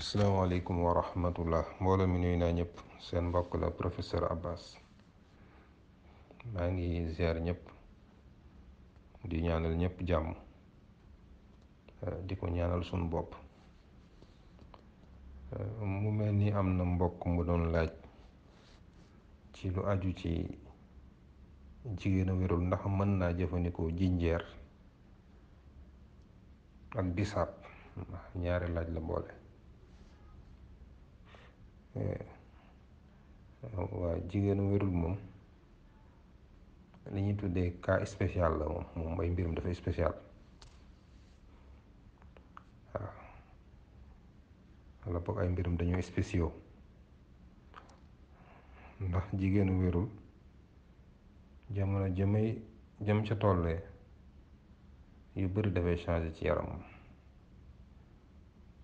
asalaamaaleykum wa rahmatullah mboole mi nuyu naa ñëpp seen mbokk la professeur Abbas maa ngi ziar ñëpp di ñaanal ñëpp jàmm eh, di ko ñaanal suñ bopp eh, mu mel ni am na mbokk mu doon laaj ci lu aju ci jigéen a wérul ndax mën naa jëfandikoo jinjeer ak bisaab ñaari laaj la boole Eh, waaw jigéenu wérul moom li ñuy tuddee cas spécial la moom moom ay mbirum dafay spécial waaw wala boog ay mbirum dañoo spéciaux ndax jigéenu wérul jamono jëmay jëm ca tollee yu bëri dafay changer ci yaram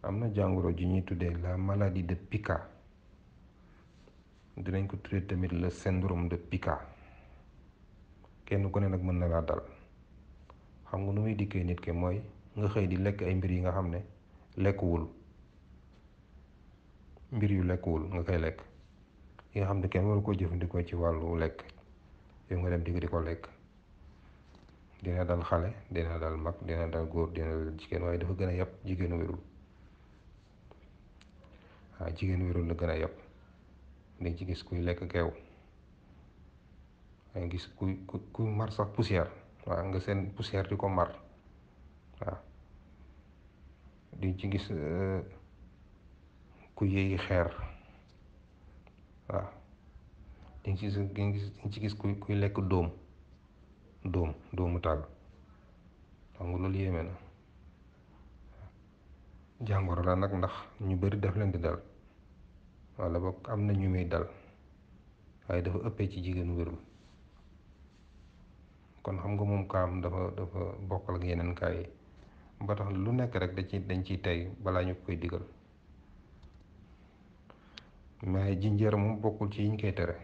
am na jàngoro ju ñuy tuddee la maladie de Pica dinañ ko tuddee tamit le syndrome de pica kenn ku ne nag mën na laa dal xam nga nu muy dikkee nit ki mooy nga xëy di lekk ay mbir yi nga xam ne lekkwul mbir yu lekkwul nga koy lekk yi nga xam ne kenn waru koo jëfandikoo ci wàllu lekk yow nga dem di di ko lekk dina dal xale dina dal mag dina dal góor dina jigéen waaye dafa gën a yàpp jigéenu wérul waaw jigéen wérul la gën a yàpp dañ ci gis kuy lekk geew dañ gis kuy kuy mar nga seen poussière di ko mar waaw dañ ci gis eh, ku yéeyi xeer waaw dañ ci gis ci gis kuy kuy lekk dóom dóom dóomu tàgg xam nga loolu yéeme na jàngoro la nag ndax ñu bari def leen di dal wala bokk am na ñu muy dal waaye dafa ëppee ci jigéen wérul kon xam nga moom kaam dafa dafa bokkal ak yeneen kaa yi ba tax lu nekk rek da ci dañ ciy tey balaa ñu koy digal mais jinjeer moom bokkul ci yiñ koy tere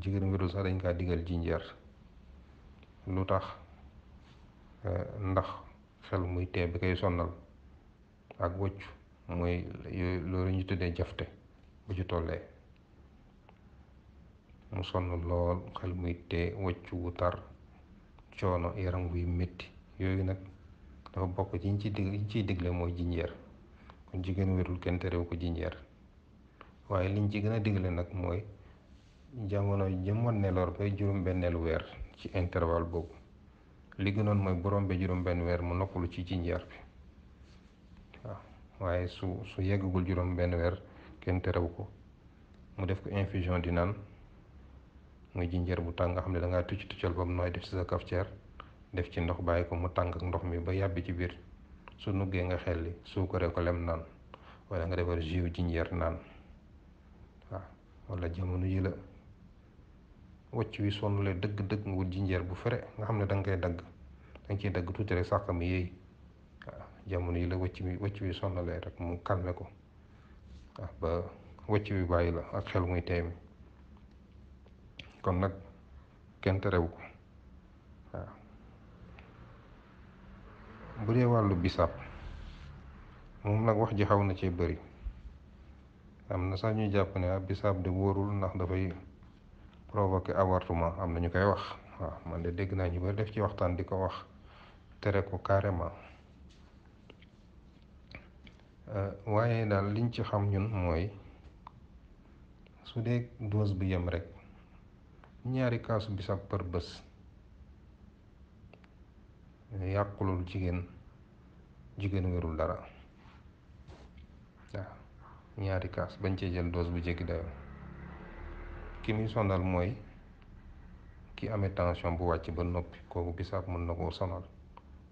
jigéen wérul sax dañ kaa digal jinjeer lu tax eh, ndax xel muy tee bi koy sonnal ak wocc mooy loolu ñu tuddee jafte bu ci tollee mu sonn lool xel muy tee wëccu wu tar coono yaram wuy metti yooyu nag dafa bokk ci ñu ciy dig ciy digle mooy jinjeer kon jigéen wérul kenn terew ko jinjeer waaye liñ ci gën a digle nag mooy jamono jëmoon ne lor bay juróom-benneelu weer ci intervalle boobu li gënoon mooy borom bi juróom-benn weer mu noppalu ci jinjeer bi waaye su su yeggagul juróom benn weer kenn terewu ko mu def ko infusion di naan nga jinjeer bu tàng nga xam ne da ngaa tucc tuccal ba mu nooy def ci sa cafetière def ci ndox bàyyi ko mu tàng ak ndox mi ba yàbbi ci biir su nuggee nga xelli suukaree ko lem naan wala nga defar jus jinjeer naan waaw wala jamono ji la wacc wi lay dëgg-dëgg nga wut jinjeer bu fere nga xam ne danga nga koy dagg da nga dagg tuuti rek sàq mi jamono yi la wëcc bi wëcc bi sonnalee rek mu calmé ko ah, ba wëcc bi bàyyi la ak xel muy teemi kon nag kenn terewu ko waaw ah. bu dee wàllu bisaab moom nag wax ji xaw na ci bëri am na sax ñuy jàpp ne ah bisaab di wóorul ndax dafay provoquer avortement am na ñu koy wax waaw ah, man de dégg naa ñu ba def ci waxtaan di ko wax tere ko carrément Euh, waaye daal liñ ci xam ñun mooy su dee doos bu yem rek ñaari kaasu bisab par bés yàqulul jigéen jigéen wérul dara waaw ñaari kaas bañ cee jël doos bu jéggi dayoo ki muy sonal mooy ki amee tension bu wàcc ba noppi kooku bisaab mën na koo sonal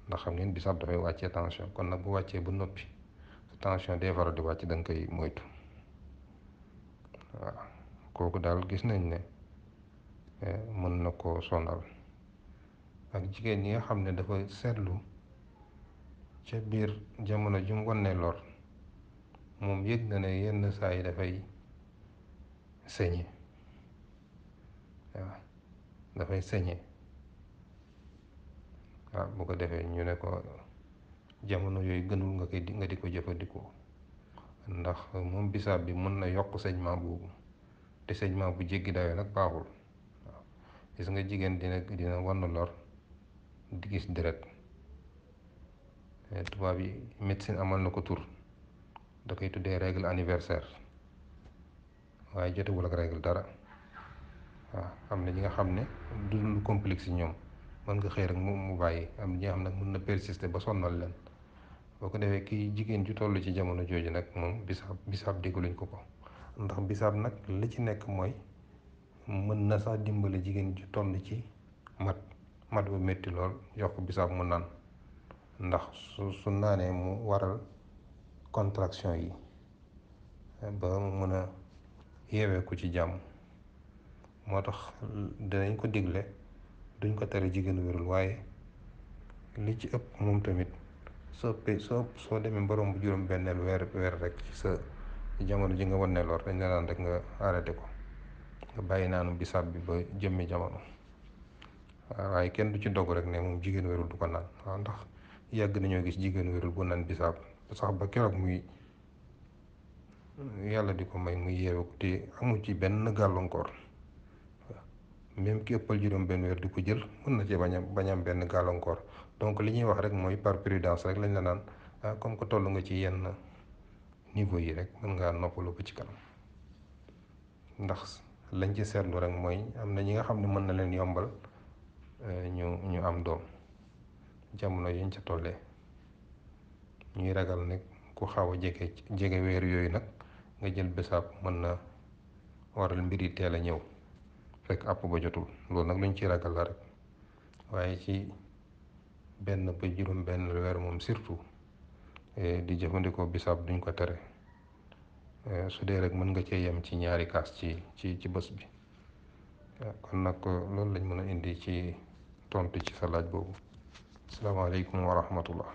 ndax xam ngeen bisaab dafay wàccee tension kon nag bu wàccee ba noppi tension day faral di wàcc da nga koy moytu waaw kooku daal gis nañ ne eh, mën na koo sonal ak jigéen ñi nga xam ne dafa seetlu ca biir jamono ju mu wone lor moom yëg na ne yenn saa yi dafay sañe waaw dafay sañe waaw bu ko defee ñu ne ko jamono yooyu gënul nga koy nga di ko jëfandikoo ndax euh, moom bisaab bi mën na yokk saignement boobu te saignement bu jéggi dawee nag baaxul waaw gis nga jigéen dina dina wann lor di gis deret eh, tubaab yi médecine amal na ko tur da koy tuddee règle anniversaire waaye jotewul ak règle dara waaw am na ñi nga xam ne du lu complexe yi ñoom mën nga xëy rek mu mu bàyyi am na nga xam nag mun na persister ba sonnal leen boo ko defee kii jigéen ju toll ci jamono jooju nag moom bisaab bisaab lañ ko ko ndax bisaab nag li ci nekk mooy mën na sax dimbali jigéen ju tollu ci mat mat bu métti lool jox ko bisaab mu naan ndax su su naanee mu waral contraction yi ba mu mën a ko ci jàmm moo tax dinañ ko digle duñ ko tere jigéen wérul waaye li ci ëpp moom tamit soo pay soo soo demee borom bu juróom benneel weer weer rek ci sa jamono ji nga wan ne lor dañ la naan rek nga arrêté ko nga bàyyi naanu bisaab bi ba jëmmi jamono waaye kenn du ci dog rek ne moom jigéen wérul du ko naan ndax yàgg nañoo gis jigéen wérul bu naan bisaab sax ba keroog muy yàlla di ko may muy yeewu te amu ci benn gàllankoor même ki ëppal juróom benn weer di ko jël mën na ci bañam bañam benn gàllankoor donc li ñuy wax rek mooy par prudence rek lañ la naan ah comme que toll nga ci yenn niveau yi rek mën ngaa noppalu ba ci kanam ndax lañ ci seetlu rek mooy am na ñi nga xam ne mën na leen yombal eh, ñu ñu am doom jamono yuñ ca tollee ñuy ragal nag ku xaw a jege jege weer yooyu nag nga jël bisaab mën na waral mbir yi teel a ñëw fekk àpp ba jotul loolu nag luñ ci ragal la rek waaye ci. benn ba juróom benn weer moom surtout eh, di jëfandikoo bisaab duñ ko tere eh, su dee rek mën nga cee yem ci ñaari kaas ci ci ci bés bi eh, kon nag loolu lañ mën a indi ci tontu ci sa laaj boobu asalaamaaleykum wa rahmatullah